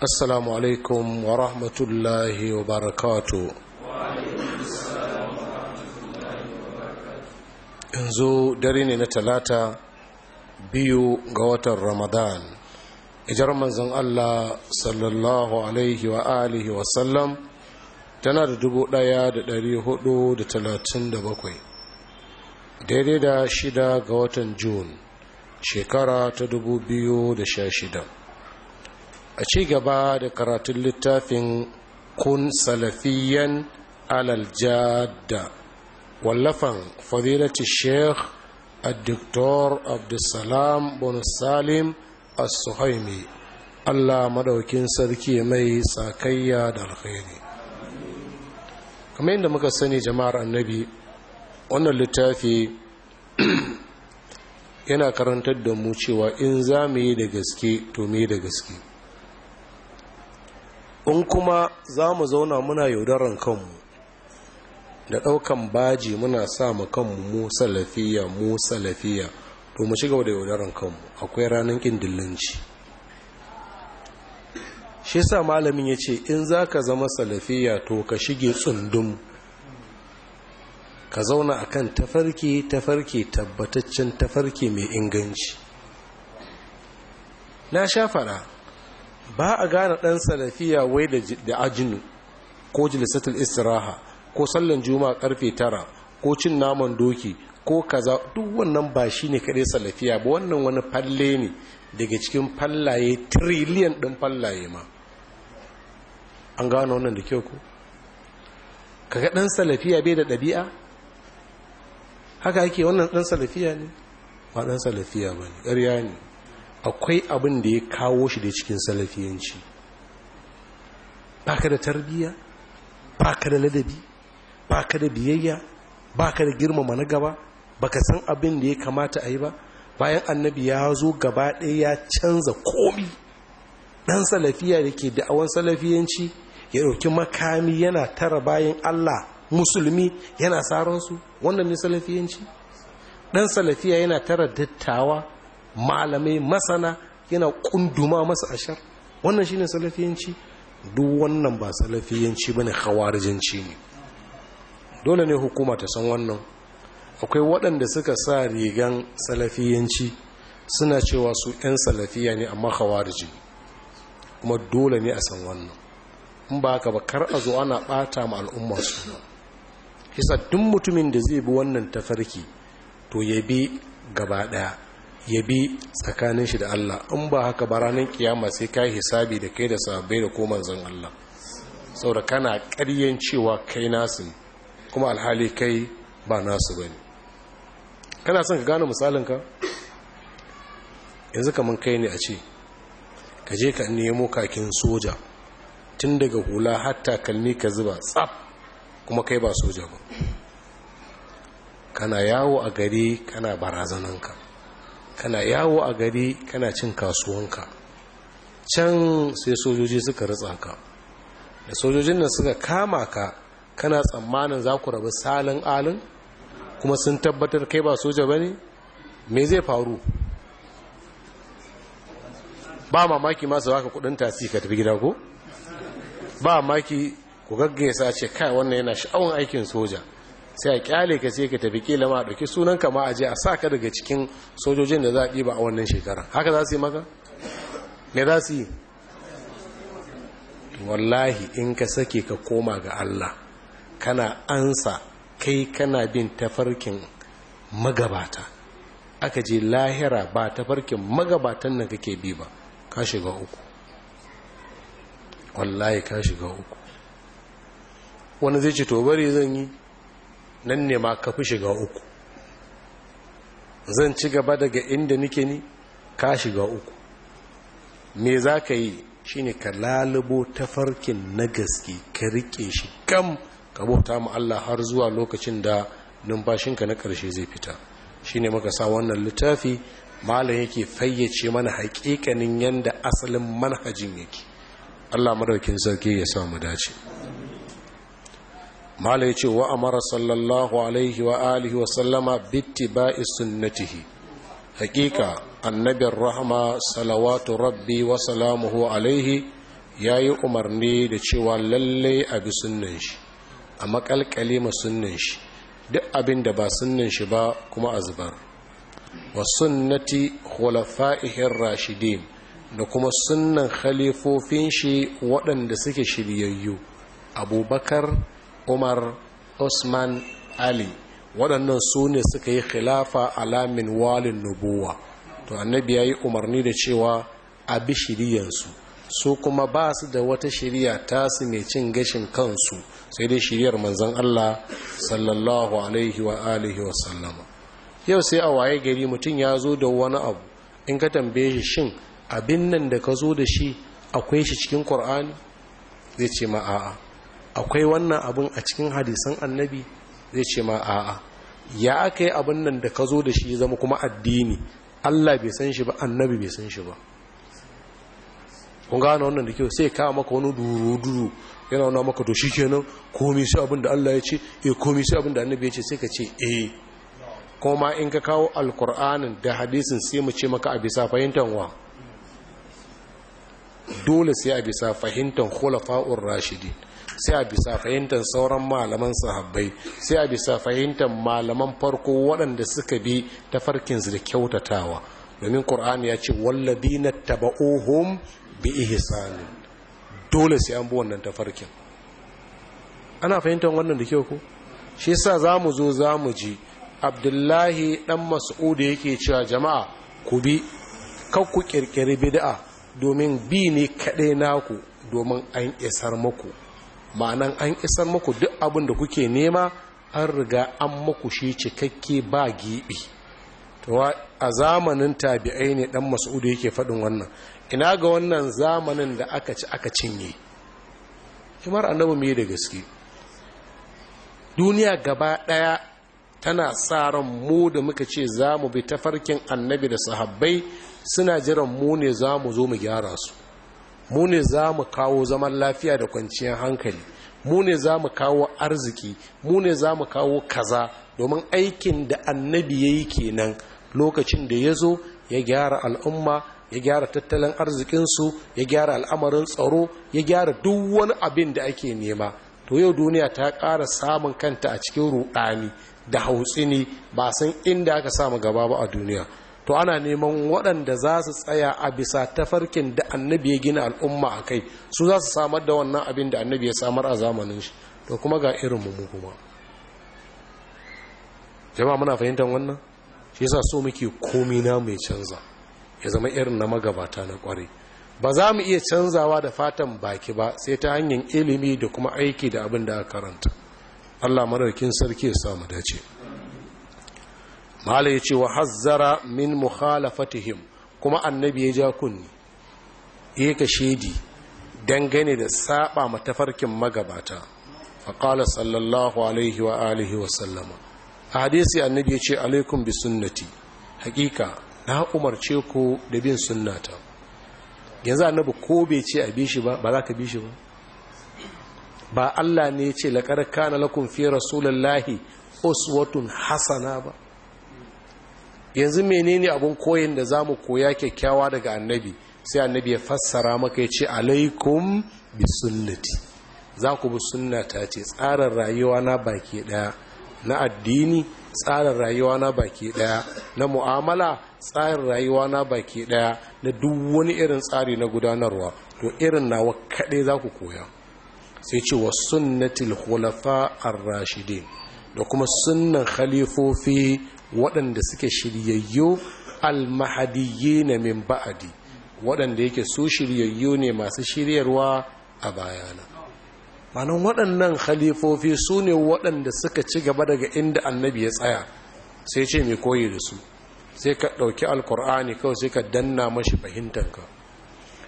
assalamu alaikum wa rahmatullahi wa barakatu yanzu dare ne na talata biyu ga watan ramadan ijar manzan allah sallallahu alaihi wa alihi wa sallam tana da dubu daya da dari hudu da talatin da bakwai daidai da shida ga watan Jun shekara ta dubu biyu da sha shida a ci gaba da karatun littafin kun salafiyan alaljada wallafan fadilati sheikh addiktor abdulsalam bonus salim as-suhaimi allah madaukin sarki mai sakayya da alkhairi kamar yadda muka sani jama'ar annabi wannan littafi yana karantar da mu cewa in za mu yi da gaske to mu yi da gaske in kuma za mu zauna muna yaudaran kanmu da ɗaukan baji muna sa mu kanmu mu salafiya mu salafiya to mu shiga da yaudaran kanmu akwai ranar ƙin dillanci shi sa malamin ya ce in za ka zama salafiya to ka shige tsundum ka zauna akan tafarki tafarki tabbataccen tafarki mai inganci na sha fara ba a gane ɗan salafiya wai da ajinu ko jilisatul istiraha ko sallan juma'a karfe tara ko cin naman doki ko kaza duk wannan ba shi ne kaɗai salafiya ba wannan wani falle ne daga cikin fallaye tiriliyan ɗin fallaye ma an gane wannan da kyau ko kaga ɗan salafiya bai da ɗabi'a haka ake wannan ɗan salafiya ne ba ɗan salafiya ba ne ƙarya ne akwai abin da ya kawo shi da cikin salafiyanci baka da tarbiyya baka da ladabi baka da biyayya baka da girmama na gaba baka san abin da ya kamata a yi ba bayan annabi ya zo gaba ɗaya ya canza komi ɗan salafiya da ke da'awan salafiyanci ya ɗauki makami yana tara bayan allah musulmi yana saransu wannan ne salafiyanci ɗan salafiya yana tara dattawa malamai masana yana kunduma masa ashar wannan shine salafiyanci duk wannan ba salafiyanci bane khawarijanci ne dole ne hukuma ta san wannan akwai waɗanda suka sa rigan salafiyanci suna cewa su 'yan salafiya ne amma khawariji kuma dole ne a san wannan in ba haka ba kar a zo ana ɓata ma al'umma su hisa duk mutumin da zai bi wannan tafarki to ya bi gaba ɗaya ya bi tsakanin shi da Allah in ba haka ba ranar kiyama sai ka hisabi da kai da sabai da koman zan Allah saboda kana ƙaryen cewa kai nasu kuma alhali kai ba nasu ba ne kana son ka gane misalinka yanzu kamar kai ne a ce ka je ka nemo kakin soja tun daga hula hatta kalmi ka zuba tsaf kuma kai ba soja ba kana yawo a gari kana barazanan ka kana yawo a gari kana cin kasuwanka can sai sojoji suka ritsa ka da sojojin nan suka kama ka kana tsammanin za ku rabu salin alin kuma sun tabbatar kai ba soja ba ne me zai faru ba mamaki masu waka kudin tasi ka tafi gida ko ba mamaki ku gaggesa ce kai wannan yana sha'awun aikin soja sai a kyale ka sai ka tafi kila ma dauki sunan ka ma aje a sa ka daga cikin sojojin da za a diba a wannan shekara haka za su yi maka me za su yi wallahi in ka sake ka koma ga Allah kana ansa kai kana bin tafarkin magabata aka je lahira ba tafarkin magabatan nan kake bi ba ka shiga uku wallahi ka shiga uku wani zai ce to bari zan yi nan ne ma ka fi shiga uku zan ci gaba daga inda nike ni ka shiga uku me za ka yi shi ne ka lalubo tafarkin na gaske ka riƙe shi kam ka bauta mu Allah har zuwa lokacin da numfashinka na ƙarshe zai fita shi ne muka sa wannan littafi malam yake fayyace mana haƙiƙanin yadda asalin manhajin yake Allah madaukin sarki ya mu dace mala ya ce wa amara sallallahu alaihi wa alihi wa sallama bitti ba'i sunnatihi hakika annabin rahama salawatu rabbi wa salamuhu alaihi ya yi umarni da cewa lalle a bi sunnan shi a makalkale ma sunnan shi duk abin da ba sunnan shi ba kuma a zubar wa sunnati khulafa'ihin rashidin da kuma sunnan khalifofin shi waɗanda suke shiryayyu abubakar umar usman ali waɗannan su ne suka yi khilafa alamin walin nubuwa to annabi ya yi umarni da cewa a bi shiriyansu su kuma ba su da wata shiriya ta su mai cin gashin kansu sai dai shiriyar manzan Allah sallallahu alaihi wa alihi wa sallama yau sai a waye gari mutum ya zo da wani abu in ka tambaye shi shin abin nan da ka zo da shi akwai shi cikin Kur'ani? zai ce ma a'a akwai wannan abin a cikin hadisan annabi zai ce ma a'a ya aka yi abin nan da ka zo da shi zama kuma addini Allah bai san shi ba annabi bai san shi ba kun gane wannan da kyau sai kawo maka wani duru-duru yana wana maka to shi kenan komi sai abin da Allah ya ce e eh, komi sai abin da annabi ya ce sai ka ce e kuma in ka kawo alkur'anin da hadisin sai mu ce maka a bisa fahimtar wa dole sai a bisa fahimtar khulafa'ur rashidin sai a bisa fahimtar sauran malaman sahabbai sai a bisa fahimtar malaman farko waɗanda suka bi ta tafarkinsu da kyautatawa domin ƙur'ani ya ce na taba'ohun bi ihisani dole sai an bi wannan ta farkin. ana fahimtar wannan da kyau ko shi za mu zo za mu ji abdullahi ɗan mas'ud yake cewa jama'a ku bi kan ku kirkiri bid'a domin bi ne kaɗai naku domin an isar muku ma'anan an isar muku duk abin da kuke nema an riga an muku shi cikakke ba gibi a zamanin tabi'ai ne dan mas'udu yake faɗin wannan ina ga wannan zamanin da aka ci aka cinye kimar annabi mai da gaske duniya gaba ɗaya tana tsaron mu da muka ce za mu bi tafarkin annabi da sahabbai suna jiran mu ne za mu zo mu gyara su mu ne za mu kawo zaman lafiya da kwanciyar hankali mu ne za mu kawo arziki mu ne za mu kawo kaza domin aikin da annabi ya yi kenan lokacin da ya zo ya gyara al'umma ya gyara tattalin arzikinsu ya gyara al'amarin tsaro ya gyara duk wani abin da ake nema to yau duniya ta ƙara samun kanta a cikin ruɗani da hautsini ba san inda aka samu gaba ba a duniya to ana neman waɗanda za su tsaya a bisa tafarkin da annabi ya gina al'umma a kai su za su samar da wannan abin da annabi ya samar a zamanin shi to kuma ga irin mu kuma jama'a muna fahimtar wannan shi yasa so muke komi na mai canza ya zama irin na magabata na kwarai ba za mu iya canzawa da fatan baki ba sai ta hanyar ilimi da kuma aiki da abin da aka karanta Allah mararkin sarki ya samu dace malai ya ce wa hazzara min mukhalafatihim kuma annabi ya ja kunni ya ka shaidi dangane da saba matafarkin magabata faƙala sallallahu alaihi wa alihi wa sallama a hadisi annabi ya ce alaikum bi sunnati hakika na umarce ku da bin sunnata yanzu annabi ko bai ce a bishi ba ba za ka bishi ba ba Allah ne ya ce laƙar kana lakum fi rasulullahi uswatun hasana ba yanzu menene abun koyin da za mu koya kyakkyawa daga annabi sai annabi ya fassara maka ya ce alaikum bi sunnati za ku bi sunnata ce tsarin rayuwa na baki daya na addini tsarin rayuwa na baki daya na mu'amala tsarin rayuwa na baki daya na duk wani irin tsari na gudanarwa to irin nawa kaɗai za ku koya sai ce wa sunnatil khulafa ar-rashidin da kuma sunnan khalifofi waɗanda suke shiryayyo almahadiyye na min ba'adi waɗanda yake su shiryayyo ne masu shiryarwa a bayana manan waɗannan khalifofi su ne waɗanda suka ci gaba daga inda annabi ya tsaya sai ce mai koyi da su sai ka ɗauki alkur'ani kawai sai ka danna mashi fahimtanka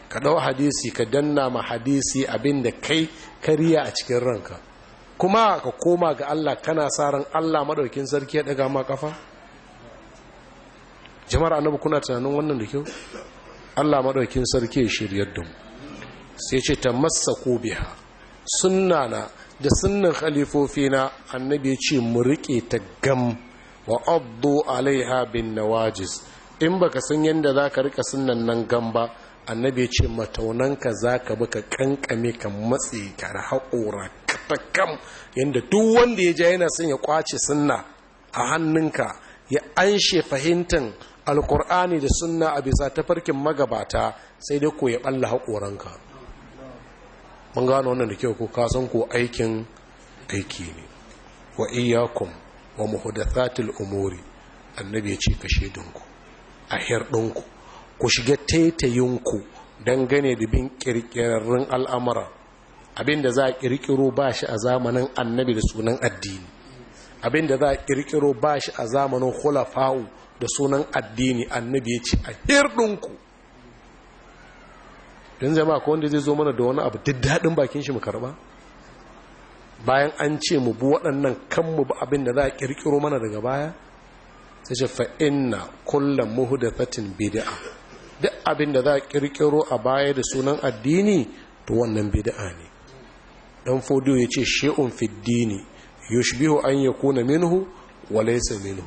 ka ɗau hadisi ka danna ma hadisi abin da kai kariya a cikin ranka kuma ka koma ga Allah kana sa ran Allah madaukin sarki ya daga ma kafa jama'ar annabi kuna tunanin wannan da kyau Allah madaukin sarki ya shiryar da mu sai ce tamassaku biha sunnana da sunnan khalifofina annabi ya ce mu rike ta gam wa addu alaiha bin nawajis in baka san yanda zaka rika sunnan nan gam ba annabi ya ce mataunanka zaka bi ka kankame ka matse ka haƙora kam yadda duk wanda ya ja yana son ya kwace sunna a hannunka ya anshe fahimtar alkur'ani da sunna a bisa tafarkin magabata sai dai ko ya balla haƙoranka mun gano wannan da kyau ko kasan ko aikin aiki ne wa iyakum wa muhdathatil umuri annabi ya ce kashe dinku a hirɗinku ku shiga taitayinku dangane da bin ƙirƙirarrun al'amuran. abinda za a kirkiro ba shi a zamanin annabi da sunan addini abinda za a kirkiro ba shi a zamanin hulafawu da sunan addini annabi ya ce a hirɗinku don zama ko wanda zai zo mana da wani abu duk daɗin bakin shi mu karɓa bayan an ce mu bu waɗannan kanmu mu abinda abin da za a ƙirƙiro mana daga baya sai ce fa'inna kullum fatin bid'a duk abin da za a ƙirƙiro a baya da sunan addini to wannan bid'a ne Ɗan fodiyo ya ce shi'un fiddini yushbihu an ya kuna minhu wa laysa minhu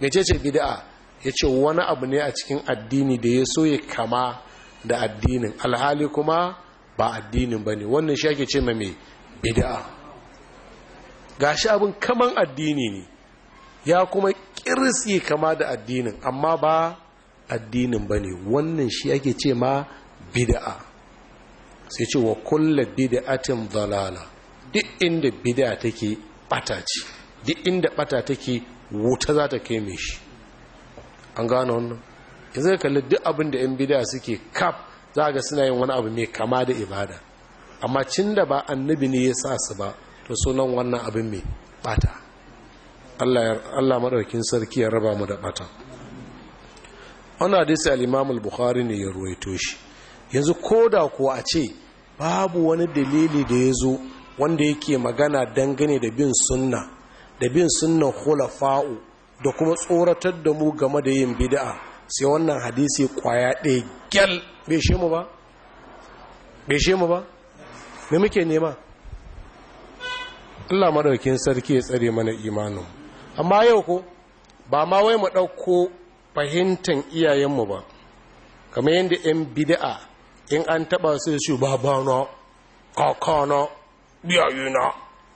mecece bid'a yace wani abu ne a cikin addini da ya so ya kama da addinin alhali kuma ba addinin bane wannan shi ake ce ma me bid'a gashi abin kaman addini ne ya kuma kirsi kama da addinin amma ba addinin bane wannan shi ake ce ma bid'a sai ce wa kulla bid'atin dalala duk inda bid'a take bata ce duk inda bata take wuta za ta kai shi an gano wannan Ya zai kalli duk abin da yan bid'a suke kaf za a ga suna yin wani abu mai kama da ibada amma cin da ba annabi ne ya sa su ba to sunan wannan abin mai bata Allah maɗaukin sarki ya raba mu da bata wannan hadisi alimamul imam bukhari ne ya ruwaito shi yanzu ko da kuwa a ce babu wani dalili da ya zo wanda yake magana dangane da bin sunna da bin sunnan hulafa'u da kuma tsoratar da mu game da yin bid'a sai wannan hadisi kwaya ɗaya gyal bai shi mu ba bai shi mu ba me muke nema Allah madaukin sarki ya tsare mana imanin amma yau ko ba ma wai mu ɗauko fahimtar iyayenmu ba kamar yadda 'yan bid'a in an taba su shi babana kakana na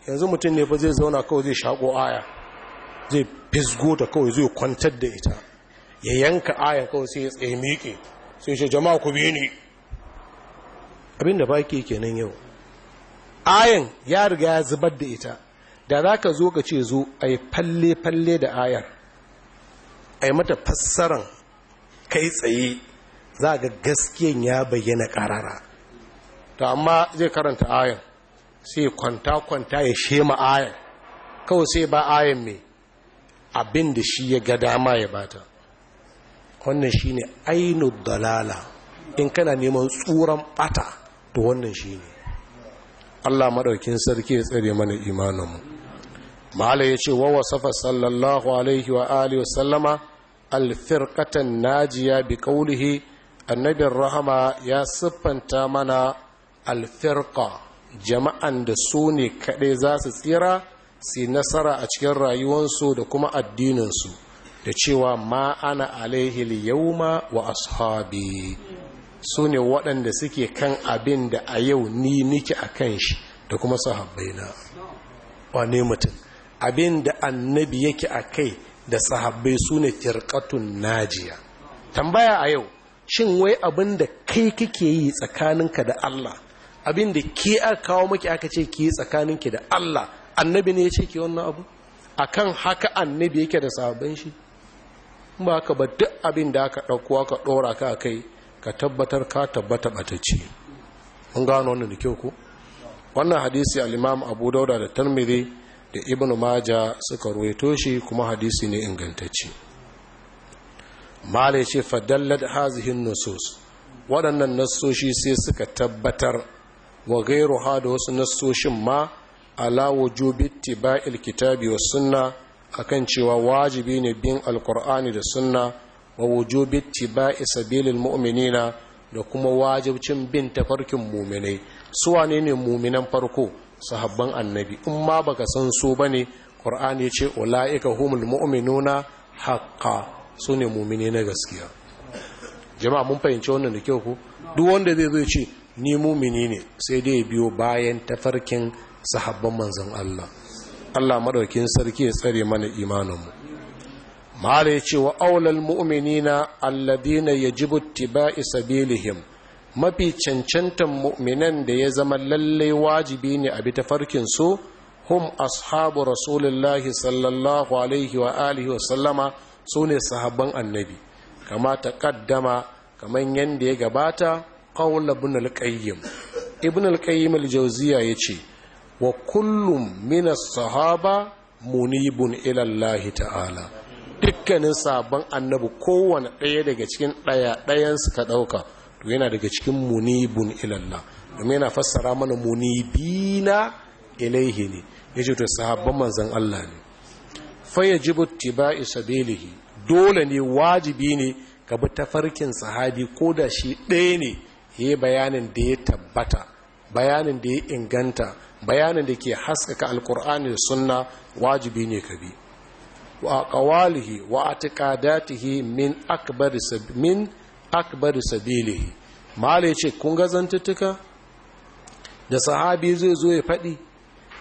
yanzu mutum ne ba zai zauna kawai zai shaƙo aya zai fisgo ta kawai zai kwantar da ita ya yanka aya kawai sai ya tsaye miƙe sai shi jama'a ku bi ni abin da baki kenan yau ayan ya riga ya zubar da ita da za ka zo ka ce zo a yi falle-falle da ayar a yi mata fassaran kai tsaye za ga gaskiyan ya bayyana karara to amma zai karanta ayan sai kwanta-kwanta ya shema ayan kawai sai ba ayan mai abin da shi ya ga dama ya bata wannan shi ne ainihin dalala in kana neman tsuran bata da wannan shi ne allah maɗaukin sarki ya tsere mana imaninmu Malam ya ce wawa safa sallallahu alaihi wa alihi wasallama alfirkatan najiya bi kaulihi annabin rahama ya siffanta mana alfirka jama'an da su ne kaɗai za su tsira su nasara a cikin rayuwansu da kuma addininsu da cewa ma ana alaihil yauma wa ashabi su ne waɗanda suke kan abin da a yau ni nike a kan shi da kuma sahabbaina wane mutum abin da annabi yake a kai da sahabbai su ne najiya tambaya a yau shin wai abin da kai kake yi tsakaninka da Allah abin da ke aka kawo maki aka ce ki yi ki da Allah annabi ne ya ce ki wannan abu A kan haka annabi yake da sabon shi ba ka ba duk abin da aka ɗauko ka ɗora ka kai ka tabbatar ka tabbata ci. mun gano wannan da kyau ko wannan hadisi al-imam abu dauda da tarmiri da ibnu maja suka ruwaito shi kuma hadisi ne ingantacce malai ce fadallar hazihin nusus waɗannan nasoshi sai suka tabbatar wa gairu ha da wasu nassoshin ma ala wujubiti kitabi wa sunna akan cewa wajibi ne bin alkur'ani da sunna wa wujubiti sabilin mu'minina da kuma wajibcin bin tafarkin muminai su wane ne muminan farko sahabban annabi in ma baka san su ba bane qur'ani ce ulaika humul mu'minuna haqqan su ne mumine na gaskiya jama'a mun fahimci wannan da kyau ku duk wanda zai zo ce ni mumini ne sai dai biyo bayan tafarkin sahabban manzan Allah Allah madaukin sarki ya tsare mana imaninmu mala ya ce wa aulal mu'minina alladina yajibu tiba'i sabilihim mafi cancantan mu'minan da ya zama lallai wajibi ne a bi tafarkin su hum ashabu rasulullahi sallallahu alaihi wa alihi wa sallama su ne sahabban annabi kama ta kaddama kamar yadda ya gabata ƙaunar ibn al-qayyim ibn al-qayyim al ya ce wa kullum mina sahaba munibun ilallahi ta'ala dukkanin sabon annabi kowane ɗaya daga cikin ɗaya ɗayansu ka ɗauka to yana daga cikin munibun ilallah domin yana fassara mana munibina ilaihi ne ya ce to sahabban manzan Allah ne faya tiba'i sabilihi dole ne wajibi ne ka bi tafarkin sahabi ko da shi ɗaya ne ya yi bayanin da ya tabbata bayanin da ya inganta bayanin da ke haskaka alkur'ani da sunna wajibi ne ka bi wa qawalihi wa atiqadatihi min akbar min akbar sabilihi mala ce kun ga zantuttuka da sahabi zai zo ya faɗi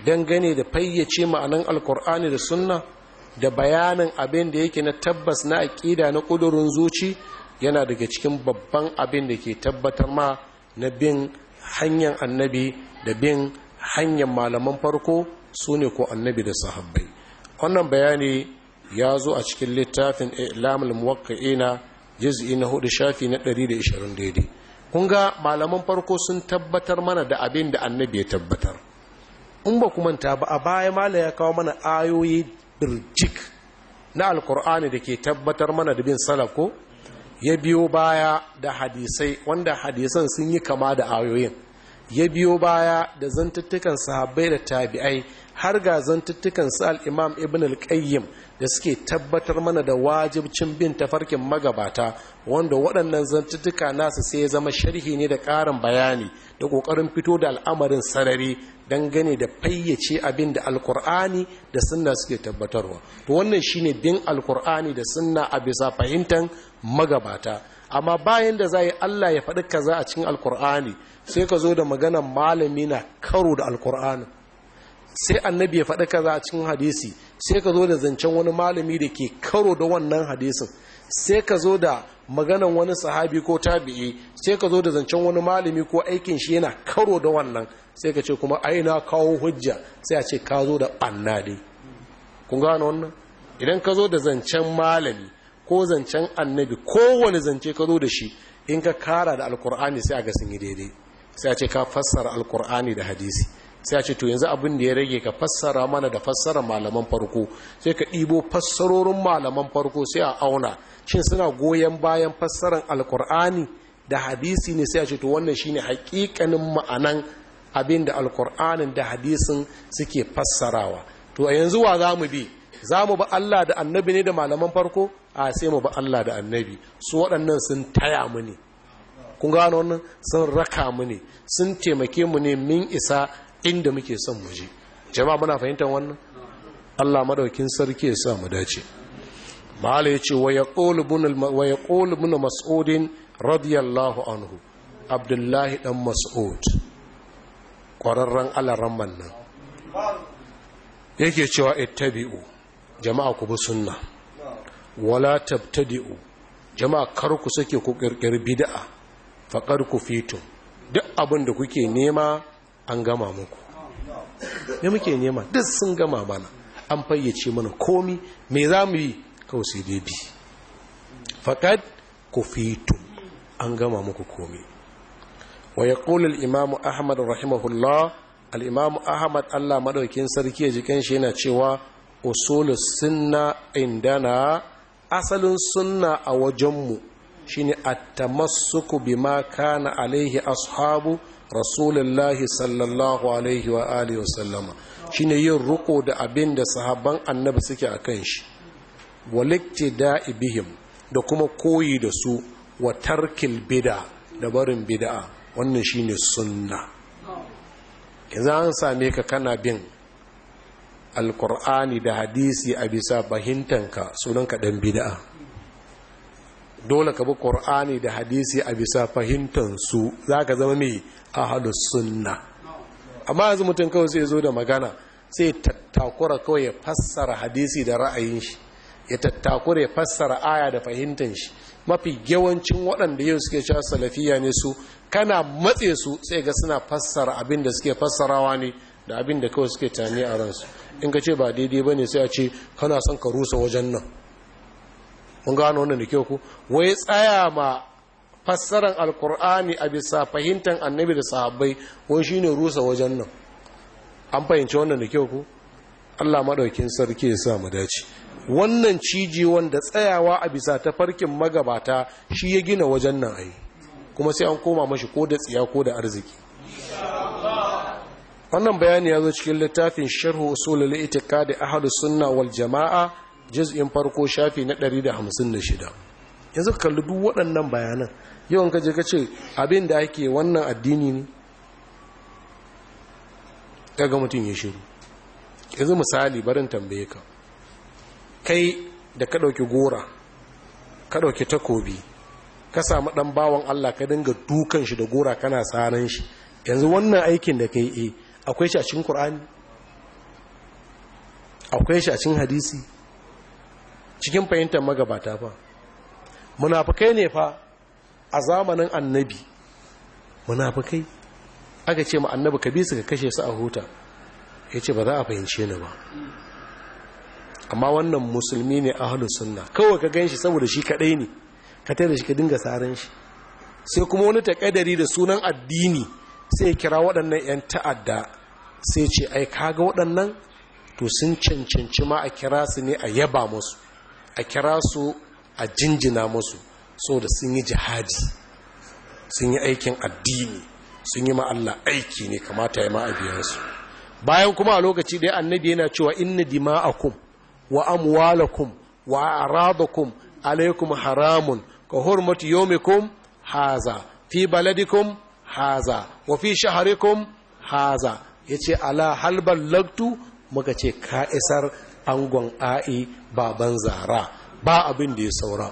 dangane da fayyace ma'anan alkur'ani da sunna da bayanin abin da yake na tabbas na aƙida na ƙudurin zuci yana daga cikin babban abin da ke tabbatar ma na bin hanyar annabi da bin hanyar malaman farko su ne ko annabi da sahabbai wannan bayani ya zo a cikin littafin ilamul muwakka'ina jiz'i na hudu shafi na 120 daidai kun ga malaman farko sun tabbatar mana da abin da annabi ya tabbatar in ba kuma manta ba a baya mala ya kawo mana ayoyi birjik na alkur'ani da ke tabbatar mana da bin salako ya biyo baya da hadisai wanda hadisan sun yi kama da ayoyin ya biyo baya da zantuttukan sahabai da tabi'ai har ga zantuttukan su al'imam ibn al da suke tabbatar mana da wajibcin bin tafarkin magabata wanda waɗannan zantuttuka nasu sai ya zama sharhi ne da ƙarin bayani da ƙoƙarin fito da al'amarin sarari dangane da fayyace abin da alkur'ani da sunna suke tabbatarwa to wannan shine bin alkur'ani da sunna a bisa fahimtar magabata amma bayan da za yi allah ya faɗi kaza a cikin alkur'ani sai ka zo da maganan malami na karo da alkur'ani sai annabi ya faɗi kaza a cikin hadisi sai ka zo da zancen wani malami da ke karo da wannan hadisin sai ka zo da maganan wani sahabi ko tabi'i sai ka zo da zancen wani malami ko aikin shi yana karo da wannan sai ka ce kuma aina kawo hujja sai a ce ka zo da ɓanna dai kun gano wannan idan ka zo da zancen malami ko zancen annabi kowane zance ka zo da shi in ka kara da alkur'ani sai a ga sun yi daidai sai a ce ka fassara alkur'ani da hadisi sai a ce to yanzu abin da ya rage ka fassara mana da fassara malaman farko sai ka ɗibo fassarorin malaman farko sai a auna shin suna goyon bayan fassarar alkur'ani da hadisi ne sai a ce to wannan shine hakikanin ma'anan abin da alkur'anin da hadisin suke fassarawa to a yanzu wa za mu bi za mu ba Allah da annabi ne da malaman farko a sai mu ba Allah da annabi su waɗannan sun taya mu ne kun sun raka mu ne sun taimake mu ne min isa inda muke son mu je jama'a muna fahimtar wannan Allah madaukin sarki ya sa mu dace mala yace wa yaqulu wa yaqulu Mas'udin radiyallahu anhu abdullahi dan mas'ud kwararren alaran nan yake cewa ittabi'u jama'a ku bi sunna wala tabtadi'u jama'a kar ku sake ku kirkir bid'a faqad ku fitu duk abin da kuke nema an gama muku me muke nema duk sun gama mana an fayyace mana komi me za mu yi kawai sai dai bi faƙad ku fito an gama muku komi wa ya ƙulil imamu ahmad rahimahullah al'imamu ahmad allah maɗaukin sarki ya jikin shi yana cewa usulu sunna indana asalin sunna a wajenmu shi shine at-tamassuku ma kana alaihi ashabu lahi sallallahu alaihi wa alihi wasallama shine yin ruko da abin da sahabban annabi suke a kan shi walikti da'ibihim da kuma koyi da su wa tarkil bida da barin bida'a wannan shi shine sunna yanzu an same ka kana bin alkur'ani da hadisi a bisa fahimtanka sunanka ɗan bida'a dole ka bi ƙor'ani da hadisi a bisa fahimtansu za ka zama mai ahlus sunna amma yanzu mutum kawai sai zo da magana sai tattakura kawai ya fassara hadisi da ra'ayin shi ya tattakura ya fassara aya da fahimtar shi mafi yawancin waɗanda yau suke sha salafiya ne su kana matse su sai ga suna fassara abin da suke fassarawa ne da abin da kawai suke tani a ransu in ka ce ba daidai ba ne sai a ce kana son ka rusa wajen nan mun gano wannan da kyau ku wai tsaya ma fassarar alkur'ani a bisa fahimtar annabi da sahabbai wai shine rusa wajen nan an fahimci wannan da kyau ku Allah maɗaukin sarki ya sa mu dace wannan ciji wanda tsayawa a bisa ta farkin magabata shi ya gina wajen nan ai kuma sai an koma mashi ko da tsiya ko da arziki wannan bayani ya zo cikin littafin sharhu usulul itiqadi ahlus sunna wal jamaa juz'in farko shafi na 156 yanzu ka kalli duk waɗannan bayanan yawan kaje ka ce abin da ake wannan addini ne kaga mutum ya shiru yanzu misali barin tambaye ka kai da ka ɗauki gora ka ɗauki takobi ka samu ɗan bawan Allah ka dinga dukan shi da gora kana tsaran shi yanzu wannan aikin da ka yi eh, akwai shi a cikin Kur'ani akwai shi a cikin hadisi cikin fahimtar magabata fa munafukai ne fa a zamanin annabi munafukai aka ce ma annabi ka bi su ka kashe su a huta ya ce ba za a fahimce ni ba amma wannan musulmi ne a sunna kawai ka gan shi saboda shi kaɗai ne ka da shi ka dinga saran shi sai kuma wani taƙadari da sunan addini sai kira waɗannan 'yan ta'adda sai ce ai kaga waɗannan to sun cancanci ma a kira su ne a yaba musu a kira su a jinjina musu da sun yi jihadi sun yi aikin addini sun yi ma'alla aiki ne kamata ya ma'abiyansu bayan kuma a lokaci ɗaya annabi yana cewa inna dima'akum wa amwalakum wa aradakum alaikum haramun ka hurmatu yomikum haza fi baladikum haza wa fi shaharikum haza yace ala halbal lagtu muka ce ka isar angon a'i baban zara ba abin da ya saura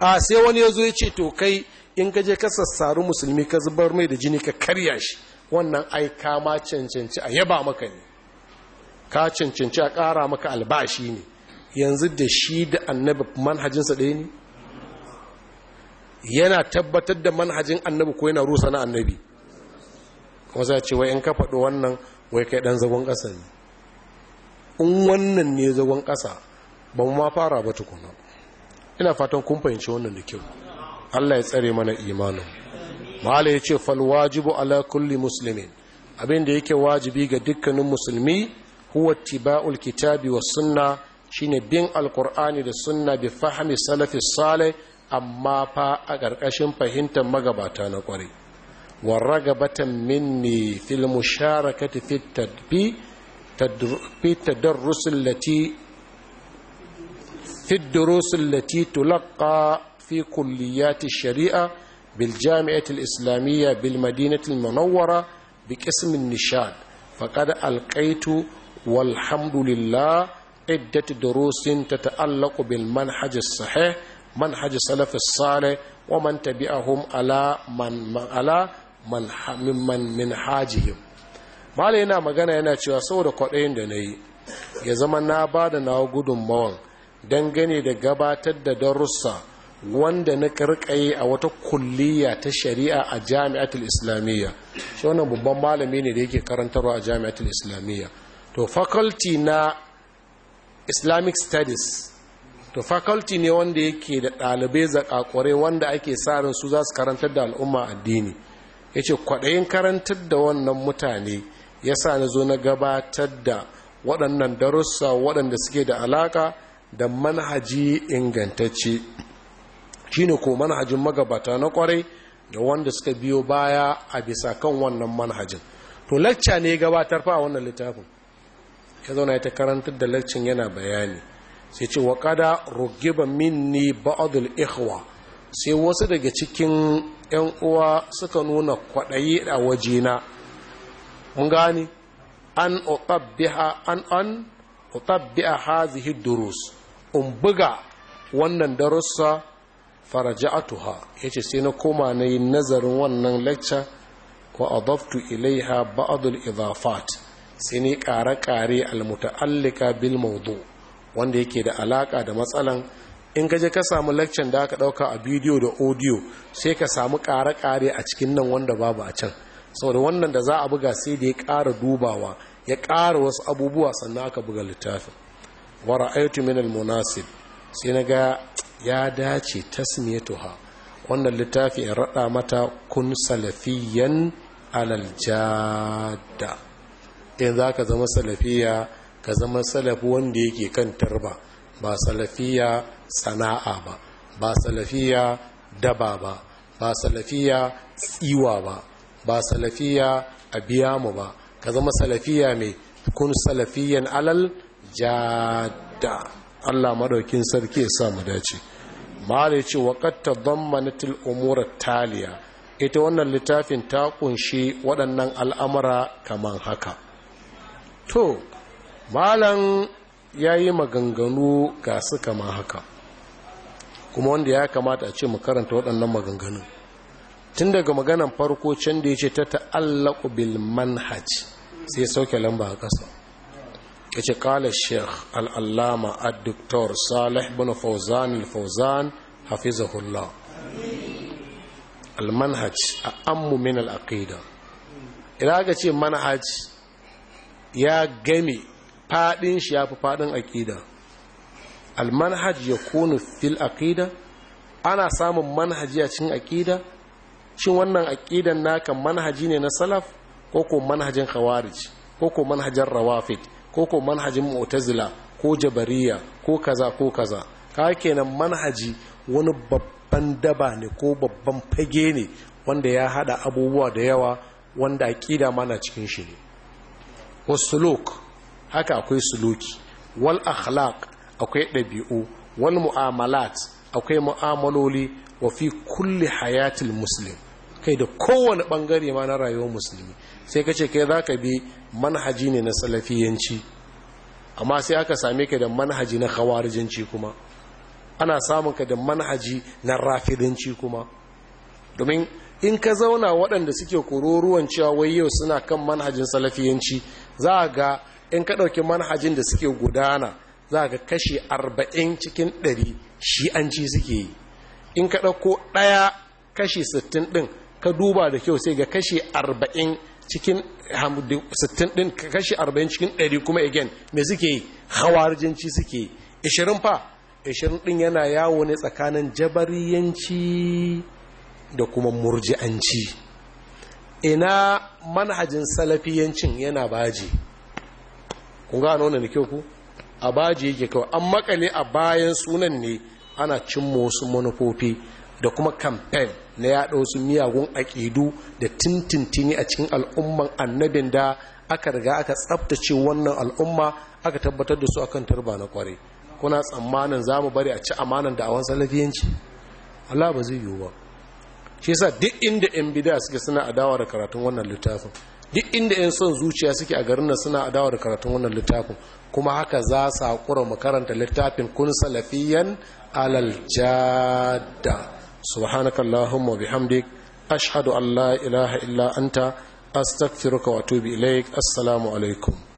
a sai wani ya zo ya ce to kai in ka je ka sassaru musulmi ka zubar mai da jini ka karya shi wannan ai ka ma cancanci a yaba maka ne ka cancanci a ƙara maka albashi ne yanzu da shi da annabi manhajinsa ɗaya ne yana tabbatar da manhajin annabi ko yana rusa na annabi kuma za ce wai in ka faɗo wannan wai kai ɗan zagon ƙasa ne in wannan ne zagon ƙasa ba mu ma fara ba tukuna ina fatan kun fahimci wannan da kyau Allah ya tsare mana imanin mala yace fal wajibu ala kulli muslimin abin da yake wajibi ga dukkanin musulmi huwa tiba'ul kitabi was sunna shine bin alqur'ani da sunna bi fahmi salafi salih amma fa a ƙarƙashin fahimtar magabata na ƙware warragabatan minni fil musharakati fi tadbi fi lati fi durus allati tulqa fi kulliyat sharia bil jami'ati al-islamiyya bil madinati al-munawwara bi qism an-nishad faqad alqaitu walhamdulillah عدة دروس تتعلق بالمنهج الصحيح منهج السلف الصالح ومن تبعهم على من على من من منهاجهم malai yana magana yana cewa saboda kwaɗayin da na yi ya zama na bada da na gudunmawan dangane da gabatar da darussa wanda na karkaye a wata kulliya ta shari'a a jami'atul islamiyya shi wannan babban malami ne da yake karantarwa a jami'atul islamiyya to faculty na islamic studies to faculty ne wanda yake da ɗalibai zakakure wanda ake tsarin su za su karantar da al'umma addini ya ce kwaɗayin karantar da wannan mutane ya sa na zo na gabatar da waɗannan darussa waɗanda suke da alaƙa da manhaji ingantacce shine ko manhajin magabata na kwarai da wanda suka biyo baya a bisa kan wannan manhajin to lacca ne gabatar fa a wannan littafin ya zauna ya ta karantar da laccin yana bayani sai ce wa kada rugiba minni ba'adul ikhwa sai wasu daga cikin yan uwa suka nuna kwaɗayi a wajena mun gani an utabbiha an an utabbiha hazihi durus in buga wannan darussa faraja'atuha yace sai na koma na yi nazarin wannan lecture wa adaftu ilaiha ba'd al-idafat sai ni kare-kare al-muta'allika bil mawdu wanda yake da alaka da matsalan in gaje ka samu lecture da aka dauka a bidiyo da audio sai ka samu kare-kare a cikin nan wanda babu a can saboda wannan da za a buga sai da ya ƙara dubawa ya ƙara wasu abubuwa sannan aka buga littafin wa ra'aytu min al-munasib sai naga ya dace tasmiyatuha wannan littafi ya rada mata kun salafiyan alal jadda in zaka zama salafiya ka zama salafi wanda yake kan tarba ba salafiya sana'a ba ba salafiya daba ba ba salafiya tsiwa ba ba salafiya abiyamu ba ka zama salafiya mai kun salafiyan alal jada Allah maɗaukin sarki ya sa mu dace mala yace waqad don manatil umurar taliya ita wannan littafin ta kunshi waɗannan al'amura kaman haka to malan yayi maganganu ga su kama haka kuma wanda ya kamata a ce mu karanta waɗannan maganganu tun daga maganan farko can da ya ce ta ta'allaqu bil manhaj sai sauke lamba a ƙasa ya ce ƙala sheikh al'allama addiktor salih bin fauzan al-fauzan hafizahullah al-manhaj a ammu min al-aqida Ina aka ce manhaj ya game fadin shi ya fi fadin aqida al-manhaj ya kunu fil aqida ana samun manhaji a cikin aqida shin wannan aqidan naka manhaji ne na salaf ko ko manhajin khawarij ko ko manhajin rawafid ko ko manhajin mu'tazila ko jabariya ko kaza ko kaza ka kenan manhaji wani babban daba ne ko babban fage ne wanda ya hada abubuwa da yawa wanda aqida mana cikin shi ne wasuluk haka akwai suluki wal akhlaq akwai dabi'u wal mu'amalat akwai mu'amaloli wa fi kulli hayatil muslim kai da kowane bangare ma na rayuwar musulmi sai ka ce kai za ka bi manhaji ne na salafiyanci amma sai aka same ka da manhaji na khawarijanci kuma ana samun ka da manhaji na rafidanci kuma domin in ka zauna waɗanda suke kururuwan cewa wai yau suna kan manhajin salafiyanci za a ga in ka ɗauki manhajin da suke gudana za a ga kashe arba'in cikin ɗari shi'anci suke yi in ka ɗauko ɗaya kashi sittin ɗin ka duba da kyau sai ga kashi arba'in cikin sittin ɗin kashi arba'in cikin 100 kuma again me suke yi hawarjinci suke yi fa 20 ɗin yana yawo ne tsakanin jabariyanci da kuma murji'anci ina manhajin salafiyancin yana baji kun gano wannan kyau ku a baji yake kawai an makale a bayan sunan ne ana cin wasu manufofi da kuma kamfen. na yaɗa wasu miyagun aƙidu da tintintini a cikin al'umman annabin da aka riga aka tsabtace wannan al'umma aka tabbatar da su akan tarba na kwarai kuna tsammanin za mu bari a ci amanan da a awon lafiyanci Allah ba zai yiwu ba shi yasa duk inda yan bid'a suke suna adawa da karatun wannan littafin duk inda yan son zuciya suke a garin nan suna adawa da karatun wannan littafin kuma haka za su haƙura makaranta littafin kun salafiyan alal jada subhanakallahumma bihamdik ashhadu an la ilaha illa anta astaghfiruka wa atubu ilaik assalamu alaikum